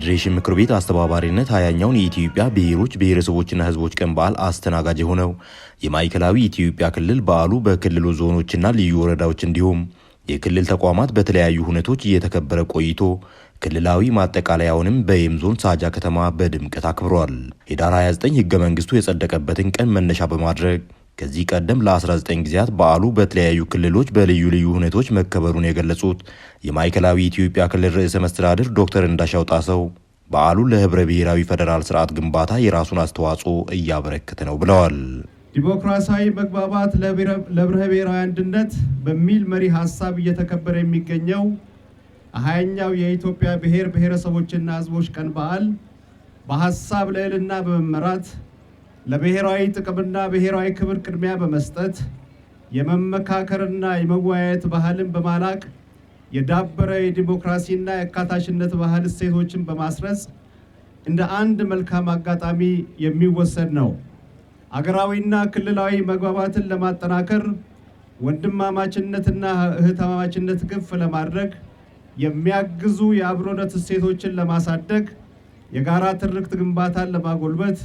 በፌዴሬሽን ምክር ቤት አስተባባሪነት ሀያኛውን የኢትዮጵያ ብሔሮች ብሔረሰቦችና ሕዝቦች ቀን በዓል አስተናጋጅ የሆነው የማዕከላዊ ኢትዮጵያ ክልል በዓሉ በክልሉ ዞኖችና ልዩ ወረዳዎች እንዲሁም የክልል ተቋማት በተለያዩ ሁነቶች እየተከበረ ቆይቶ ክልላዊ ማጠቃለያውንም በየም ዞን ሳጃ ከተማ በድምቀት አክብሯል። ኅዳር 29 ህገ መንግስቱ የጸደቀበትን ቀን መነሻ በማድረግ ከዚህ ቀደም ለ19 ጊዜያት በዓሉ በተለያዩ ክልሎች በልዩ ልዩ ሁኔቶች መከበሩን የገለጹት የማዕከላዊ ኢትዮጵያ ክልል ርዕሰ መስተዳድር ዶክተር እንዳሻው ጣሰው በዓሉ ለህብረ ብሔራዊ ፌዴራል ስርዓት ግንባታ የራሱን አስተዋጽኦ እያበረከተ ነው ብለዋል። ዲሞክራሲያዊ መግባባት ለህብረ ብሔራዊ አንድነት በሚል መሪ ሀሳብ እየተከበረ የሚገኘው ሀያኛው የኢትዮጵያ ብሔር ብሔረሰቦችና ህዝቦች ቀን በዓል በሀሳብ ልዕልና በመመራት ለብሔራዊ ጥቅምና ብሔራዊ ክብር ቅድሚያ በመስጠት የመመካከርና የመወያየት ባህልን በማላቅ የዳበረ የዲሞክራሲና የአካታችነት ባህል እሴቶችን በማስረጽ እንደ አንድ መልካም አጋጣሚ የሚወሰድ ነው። አገራዊና ክልላዊ መግባባትን ለማጠናከር ወንድማማችነትና እህትማማችነት ግፍ ለማድረግ የሚያግዙ የአብሮነት እሴቶችን ለማሳደግ የጋራ ትርክት ግንባታን ለማጎልበት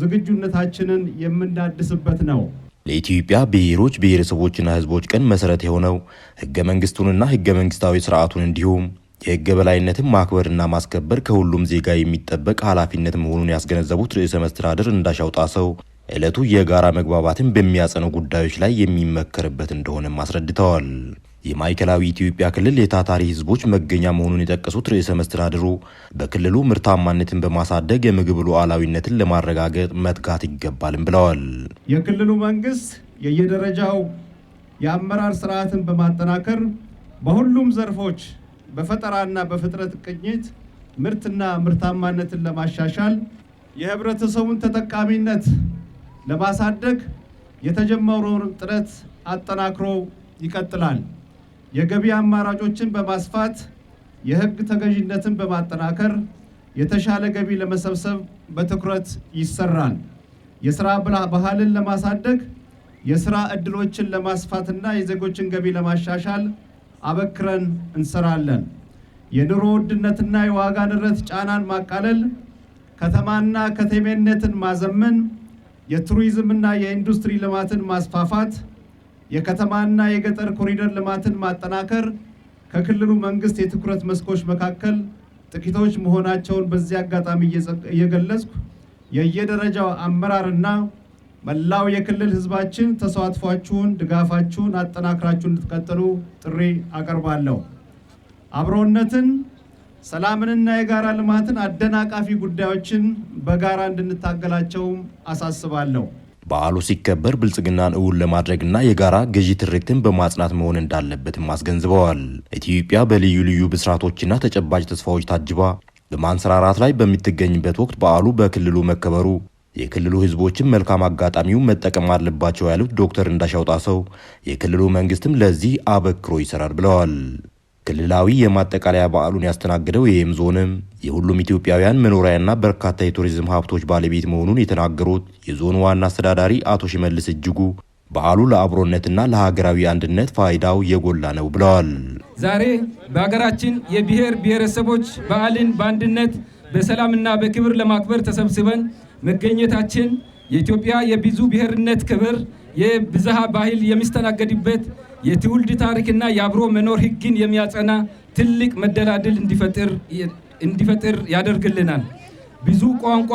ዝግጁነታችንን የምናድስበት ነው። ለኢትዮጵያ ብሔሮች ብሔረሰቦችና ሕዝቦች ቀን መሰረት የሆነው ህገ መንግስቱንና ህገ መንግስታዊ ስርዓቱን እንዲሁም የህገ በላይነትን ማክበርና ማስከበር ከሁሉም ዜጋ የሚጠበቅ ኃላፊነት መሆኑን ያስገነዘቡት ርዕሰ መስተዳድር እንዳሻው ጣሰው ዕለቱ የጋራ መግባባትን በሚያጸኑ ጉዳዮች ላይ የሚመከርበት እንደሆነም አስረድተዋል። የማዕከላዊ ኢትዮጵያ ክልል የታታሪ ህዝቦች መገኛ መሆኑን የጠቀሱት ርዕሰ መስተዳድሩ በክልሉ ምርታማነትን በማሳደግ የምግብ ሉዓላዊነትን ለማረጋገጥ መትጋት ይገባልም ብለዋል። የክልሉ መንግስት የየደረጃው የአመራር ስርዓትን በማጠናከር በሁሉም ዘርፎች በፈጠራና በፍጥረት ቅኝት ምርትና ምርታማነትን ለማሻሻል የህብረተሰቡን ተጠቃሚነት ለማሳደግ የተጀመረውን ጥረት አጠናክሮ ይቀጥላል። የገቢ አማራጮችን በማስፋት የህግ ተገዥነትን በማጠናከር የተሻለ ገቢ ለመሰብሰብ በትኩረት ይሰራል። የስራ ባህልን ለማሳደግ የስራ እድሎችን ለማስፋትና የዜጎችን ገቢ ለማሻሻል አበክረን እንሰራለን። የኑሮ ውድነትና የዋጋ ንረት ጫናን ማቃለል፣ ከተማና ከተሜነትን ማዘመን፣ የቱሪዝምና የኢንዱስትሪ ልማትን ማስፋፋት የከተማና የገጠር ኮሪደር ልማትን ማጠናከር ከክልሉ መንግስት የትኩረት መስኮች መካከል ጥቂቶች መሆናቸውን በዚህ አጋጣሚ እየገለጽኩ የየደረጃው አመራርና መላው የክልል ህዝባችን ተሳትፏችሁን፣ ድጋፋችሁን አጠናክራችሁ እንድትቀጥሉ ጥሪ አቀርባለሁ። አብሮነትን፣ ሰላምንና የጋራ ልማትን አደናቃፊ ጉዳዮችን በጋራ እንድንታገላቸውም አሳስባለሁ። በዓሉ ሲከበር ብልጽግናን እውን ለማድረግና የጋራ ገዢ ትርክትን በማጽናት መሆን እንዳለበትም አስገንዝበዋል። ኢትዮጵያ በልዩ ልዩ ብስራቶችና ተጨባጭ ተስፋዎች ታጅባ በማንሰራራት ላይ በምትገኝበት ወቅት በዓሉ በክልሉ መከበሩ የክልሉ ህዝቦችን መልካም አጋጣሚውን መጠቀም አለባቸው ያሉት ዶክተር እንዳሻውጣ ሰው የክልሉ መንግስትም ለዚህ አበክሮ ይሰራል ብለዋል። ክልላዊ የማጠቃለያ በዓሉን ያስተናገደው ይህም ዞንም የሁሉም ኢትዮጵያውያን መኖሪያና በርካታ የቱሪዝም ሀብቶች ባለቤት መሆኑን የተናገሩት የዞኑ ዋና አስተዳዳሪ አቶ ሽመልስ እጅጉ በዓሉ ለአብሮነትና ለሀገራዊ አንድነት ፋይዳው የጎላ ነው ብለዋል። ዛሬ በሀገራችን የብሔር ብሔረሰቦች በዓልን በአንድነት በሰላምና በክብር ለማክበር ተሰብስበን መገኘታችን የኢትዮጵያ የብዙ ብሔርነት ክብር፣ የብዝሃ ባህል የሚስተናገድበት የትውልድ ታሪክና የአብሮ መኖር ህግን የሚያጸና ትልቅ መደላድል እንዲፈጥር ያደርግልናል። ብዙ ቋንቋ፣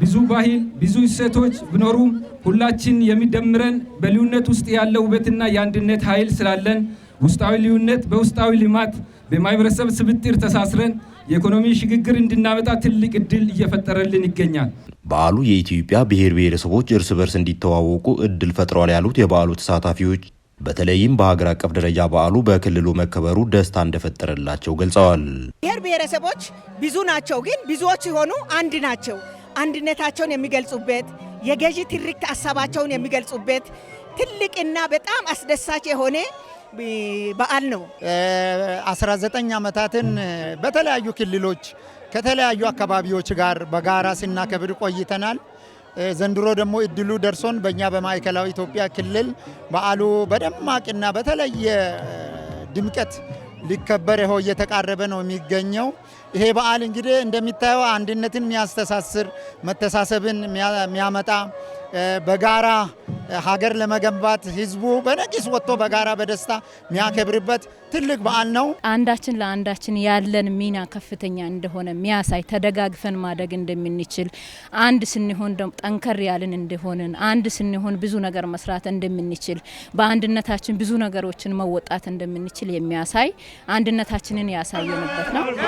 ብዙ ባህል፣ ብዙ እሴቶች ቢኖሩም ሁላችን የሚደምረን በልዩነት ውስጥ ያለ ውበትና የአንድነት ኃይል ስላለን ውስጣዊ ልዩነት በውስጣዊ ልማት በማህበረሰብ ስብጥር ተሳስረን የኢኮኖሚ ሽግግር እንድናመጣ ትልቅ እድል እየፈጠረልን ይገኛል። በዓሉ የኢትዮጵያ ብሔር ብሔረሰቦች እርስ በርስ እንዲተዋወቁ እድል ፈጥሯል ያሉት የበዓሉ ተሳታፊዎች በተለይም በሀገር አቀፍ ደረጃ በዓሉ በክልሉ መከበሩ ደስታ እንደፈጠረላቸው ገልጸዋል። ብሔር ብሔረሰቦች ብዙ ናቸው፣ ግን ብዙዎች ሲሆኑ አንድ ናቸው። አንድነታቸውን የሚገልጹበት የገዢ ትርክት ሀሳባቸውን የሚገልጹበት ትልቅና በጣም አስደሳች የሆነ በዓል ነው። 19 ዓመታትን በተለያዩ ክልሎች ከተለያዩ አካባቢዎች ጋር በጋራ ስናከብር ቆይተናል። ዘንድሮ ደግሞ እድሉ ደርሶን በእኛ በማዕከላዊ ኢትዮጵያ ክልል በዓሉ በደማቅና በተለየ ድምቀት ሊከበር ይኸው እየተቃረበ ነው የሚገኘው። ይሄ በዓል እንግዲህ እንደሚታየው አንድነትን የሚያስተሳስር መተሳሰብን የሚያመጣ በጋራ ሀገር ለመገንባት ህዝቡ በነቂስ ወጥቶ በጋራ በደስታ የሚያከብርበት ትልቅ በዓል ነው። አንዳችን ለአንዳችን ያለን ሚና ከፍተኛ እንደሆነ የሚያሳይ ተደጋግፈን ማደግ እንደምንችል፣ አንድ ስንሆን ጠንከር ያልን እንደሆንን፣ አንድ ስንሆን ብዙ ነገር መስራት እንደምንችል፣ በአንድነታችን ብዙ ነገሮችን መወጣት እንደምንችል የሚያሳይ አንድነታችንን ያሳየንበት ነው።